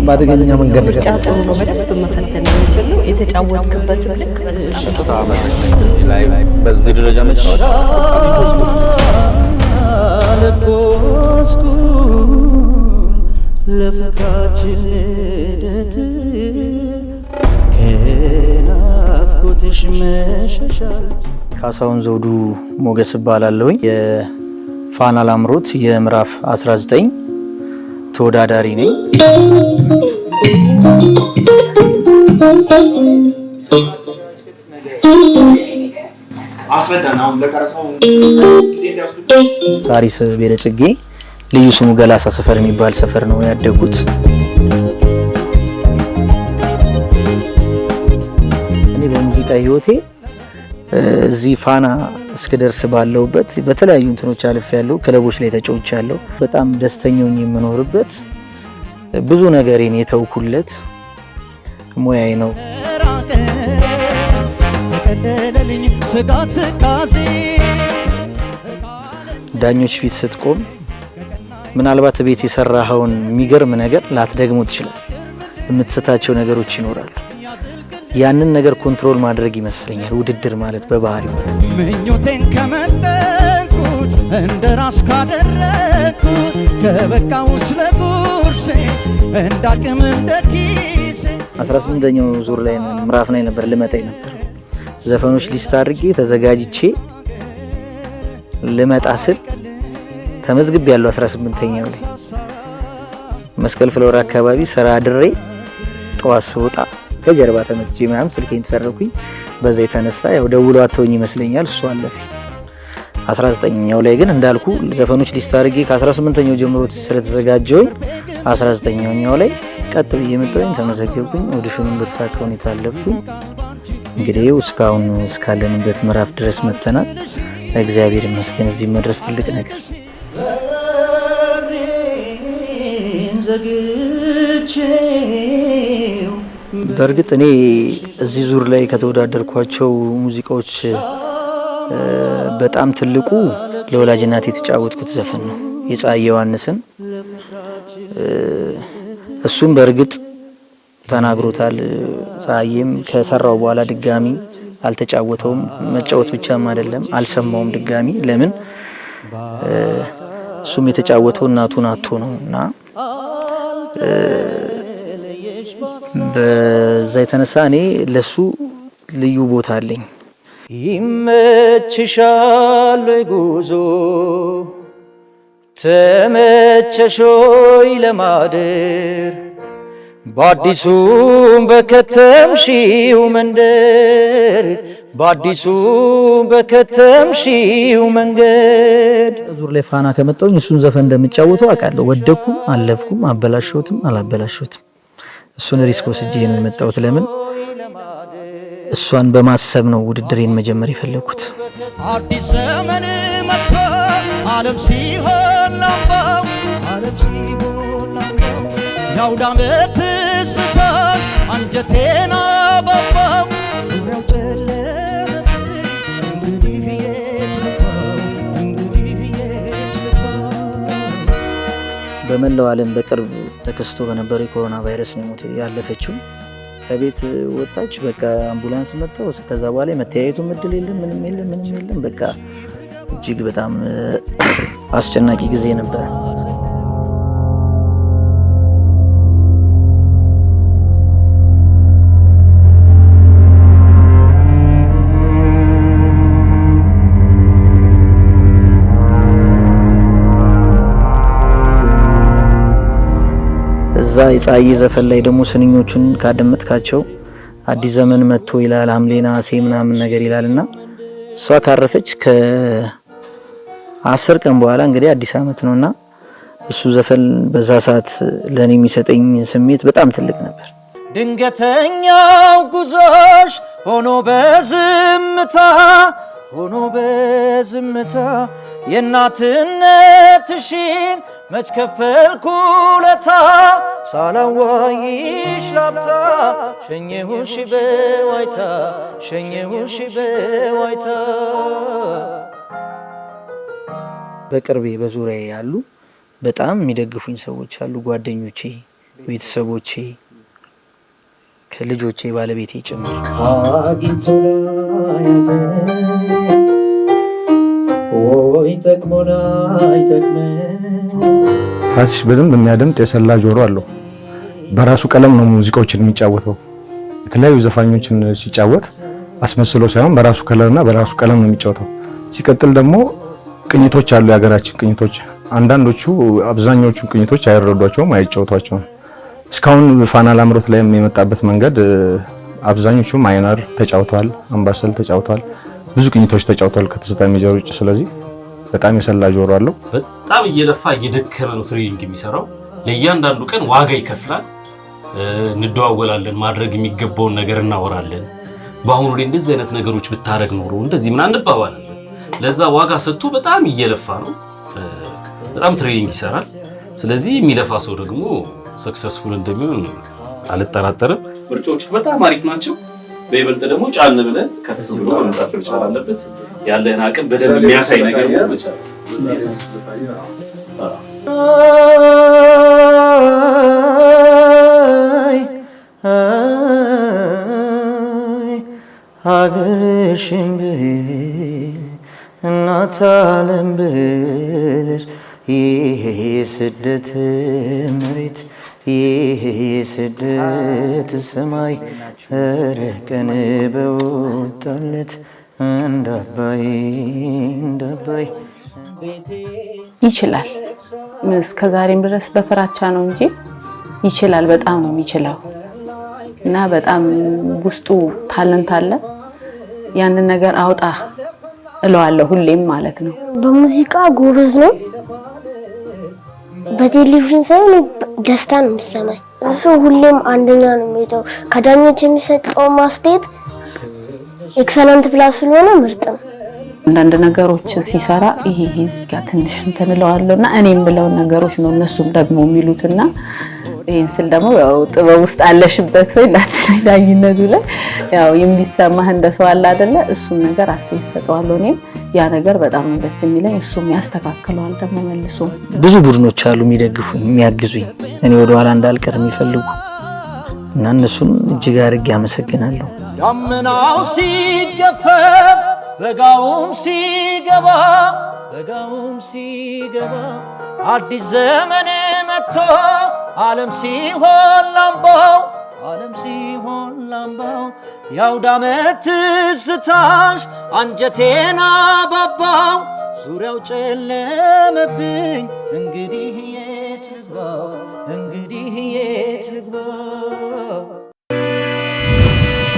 በጣም በአደገኛ መንገድ ነው። ነው በደንብ መፈተን የተጫወትክበት ልክ በዚህ ደረጃ መጫወት ለፍቅራችን ልደት ከናፍቆትሽ መሸሻል። ካሳሁን ዘውዱ ሞገስ እባላለሁኝ የፋና ላምሮት የምዕራፍ 19 ተወዳዳሪ ነኝ። ሳሪስ ልዩ ስሙ ገላሳ ሰፈር የሚባል ሰፈር ነው ያደጉት። እኔ በሙዚቃ ህይወቴ እዚህ ፋና እስክደርስ ባለውበት በተለያዩ እንትኖች አልፍ ያለው ክለቦች ላይ ተጫውቻ ያለው በጣም ደስተኛው የምኖርበት ብዙ ነገሬን የተውኩለት ሙያዬ ነው። ዳኞች ፊት ስትቆም ምናልባት ቤት የሰራኸውን የሚገርም ነገር ላትደግሞ ትችላል። የምትስታቸው ነገሮች ይኖራሉ። ያንን ነገር ኮንትሮል ማድረግ ይመስለኛል ውድድር ማለት በባህሪው። ምኞቴን ከመጠንኩት እንደ ራስ ካደረግኩት ከበቃው ስለ ቁርሴ እንዳቅም እንደ ኪሴ 18ኛው ዙር ላይ ምዕራፍ ላይ ነበር ልመጣ ነበር ዘፈኖች ሊስት አድርጌ ተዘጋጅቼ ልመጣ ስል ተመዝግብ ያለው 18ኛው ላይ መስቀል ፍለወር አካባቢ ስራ አድሬ ጠዋት ስወጣ ከጀርባ ተመትቼ ምናምን ስልኬን ተሰረኩኝ። በዛ የተነሳ ያው ደውሎ አተውኝ ይመስለኛል እሱ አለፈ። 19ኛው ላይ ግን እንዳልኩ ዘፈኖች ሊስት አድርጌ ከ18ኛው ጀምሮ ስለተዘጋጀውኝ 19ኛው ላይ ቀጥ ብዬ መጣሁኝ፣ ተመዘገብኩኝ። ኦዲሽኑን በተሳካ ሁኔታ አለፍኩኝ። እንግዲህ እስካሁን እስካለንበት ምዕራፍ ድረስ መተናል። እግዚአብሔር ይመስገን እዚህ መድረስ ትልቅ ነገር። ዘግቼው በእርግጥ እኔ እዚህ ዙር ላይ ከተወዳደርኳቸው ሙዚቃዎች በጣም ትልቁ ለወላጅ እናቴ የተጫወትኩት ዘፈን ነው የፀሐይ ዮሐንስን። እሱም በእርግጥ ተናግሮታል። ፀሐይም ከሰራው በኋላ ድጋሚ አልተጫወተውም። መጫወት ብቻም አይደለም አልሰማውም ድጋሚ። ለምን እሱም የተጫወተው እናቱን አቶ ነው እና በዛ የተነሳ እኔ ለሱ ልዩ ቦታ አለኝ። ይመችሻል ጉዞ ተመቸሾይ ለማደር በአዲሱም በከተምሺው መንደር በአዲሱም በከተምሺው መንገድ ዙር ላይ ፋና ከመጣውኝ እሱን ዘፈን እንደምጫወተው አውቃለሁ። ወደኩም አለፍኩም አበላሸሁትም አላበላሸሁትም እሱን ሪስክ ወስጄ ነው መጣሁት። ለምን እሷን በማሰብ ነው ውድድሬን መጀመር የፈለኩት። አዲስ ዘመን መጥቶ ዓለም ሲሆን ላምባው ዓለም ሲሆን ላምባው ያውዳ ምትስታ አንጀቴና ባባው ዙሪያው ጨለ በመላው ዓለም በቅርብ ተከስቶ በነበረው የኮሮና ቫይረስ ነው ሞት ያለፈችው። ከቤት ወጣች፣ በቃ አምቡላንስ መጥተው ከዛ በኋላ የመተያየቱ ምድል የለም፣ ምንም የለም፣ ምንም የለም። በቃ እጅግ በጣም አስጨናቂ ጊዜ ነበር። የፀሐይ ዘፈን ላይ ደግሞ ስንኞቹን ካደመጥካቸው አዲስ ዘመን መጥቶ ይላል አምሌና ሴ ምናምን ነገር ይላል እና እሷ ካረፈች ከአስር ቀን በኋላ እንግዲህ አዲስ አመት ነውና እሱ ዘፈን በዛ ሰዓት ለእኔ የሚሰጠኝ ስሜት በጣም ትልቅ ነበር። ድንገተኛው ጉዞሽ ሆኖ በዝምታ ሆኖ በዝምታ የእናትነትሽን መች ከፈልኩ ለታ ሳላዋይሽ ላብታ ሸኘሁሽ በዋይታ ሸኘሁሽ በዋይታ። በቅርቤ በዙሪያ ያሉ በጣም የሚደግፉኝ ሰዎች አሉ፣ ጓደኞቼ፣ ቤተሰቦቼ፣ ከልጆቼ ባለቤቴ ጭምር ወይ ጠቅሞና አይጠቅመን ሀሲሽ በደንብ የሚያደምጥ የሰላ ጆሮ አለው። በራሱ ቀለም ነው ሙዚቃዎችን የሚጫወተው። የተለያዩ ዘፋኞችን ሲጫወት አስመስሎ ሳይሆን በራሱ ከለርና በራሱ ቀለም ነው የሚጫወተው። ሲቀጥል ደግሞ ቅኝቶች አሉ፣ የሀገራችን ቅኝቶች። አንዳንዶቹ አብዛኛዎቹ ቅኝቶች አይረዷቸውም፣ አይጫወቷቸውም። እስካሁን ፋና ላምሮት ላይ የመጣበት መንገድ አብዛኞቹ ማይነር ተጫውተዋል፣ አምባሰል ተጫውተዋል፣ ብዙ ቅኝቶች ተጫውተዋል ከተሰጣ ሜጀር ውጭ ስለዚህ በጣም የሰላ ጆሮ አለው። በጣም እየለፋ እየደከመ ነው ትሬኒንግ የሚሰራው። ለእያንዳንዱ ቀን ዋጋ ይከፍላል። እንደዋወላለን፣ ማድረግ የሚገባውን ነገር እናወራለን። በአሁኑ ላይ እንደዚህ አይነት ነገሮች ብታደረግ ኖሮ እንደዚህ ምን አንባባል። ለዛ ዋጋ ሰጥቶ በጣም እየለፋ ነው። በጣም ትሬኒንግ ይሰራል። ስለዚህ የሚለፋ ሰው ደግሞ ሰክሰስፉል እንደሚሆን አልጠራጠርም። ምርጫዎች በጣም አሪፍ ናቸው። በይበልጥ ደግሞ ጫን ብለን ከፍ ብሎ መምጣት መቻል አለበት። ያለህን አቅም በደንብ የሚያሳይ ነገር መቻል ሀገርሽን ብል እናት ዓለም ብል ይሄ ስደት መሬት ይህ ስደት ሰማይ ረቀን በወጣለት ይችላል። እስከ ዛሬም ድረስ በፍራቻ ነው እንጂ ይችላል። በጣም ነው የሚችለው እና በጣም ውስጡ ታለንት አለ። ያንን ነገር አውጣ እለዋለሁ ሁሌም ማለት ነው። በሙዚቃ ጎበዝ ነው። በቴሌቪዥን ሳይሆን ደስታ ነው የሚሰማኝ። እሱ ሁሌም አንደኛ ነው የሚወጣው። ከዳኞች የሚሰጠው ማስተያየት ኤክሰለንት ፕላስ ስለሆነ ምርጥ ነው። አንዳንድ ነገሮች ሲሰራ ይሄ ይሄ እዚህ ጋር ትንሽ እንትን እለዋለሁ እና እኔ የምለውን ነገሮች ነው እነሱም ደግሞ የሚሉትና ይህን ስል ደግሞ ያው ጥበብ ውስጥ አለሽበት ሰው ዳኝነቱ ላይ ያው የሚሰማህ እንደ ሰው አለ አይደለ? እሱም ነገር አስተያየት ሰጠዋለሁ። እኔም ያ ነገር በጣም ደስ የሚለኝ እሱም ያስተካክለዋል ደግሞ መልሶ። ብዙ ቡድኖች አሉ የሚደግፉኝ፣ የሚያግዙኝ እኔ ወደኋላ እንዳልቀር የሚፈልጉ እና እነሱን እጅግ አድርጌ አመሰግናለሁ። ዳመናው ሲገፈፍ በጋውም ሲገባ በጋውም ሲገባ አዲስ ዘመን መጥቶ ዓለም ሲሆን ላምባው ዓለም ሲሆን ላምባው ያውድ ዓመት ስታሽ አንጀቴና ባባው ዙሪያው ጨለመብኝ እንግዲህ የት ልግባው እንግዲህ የት ልግባው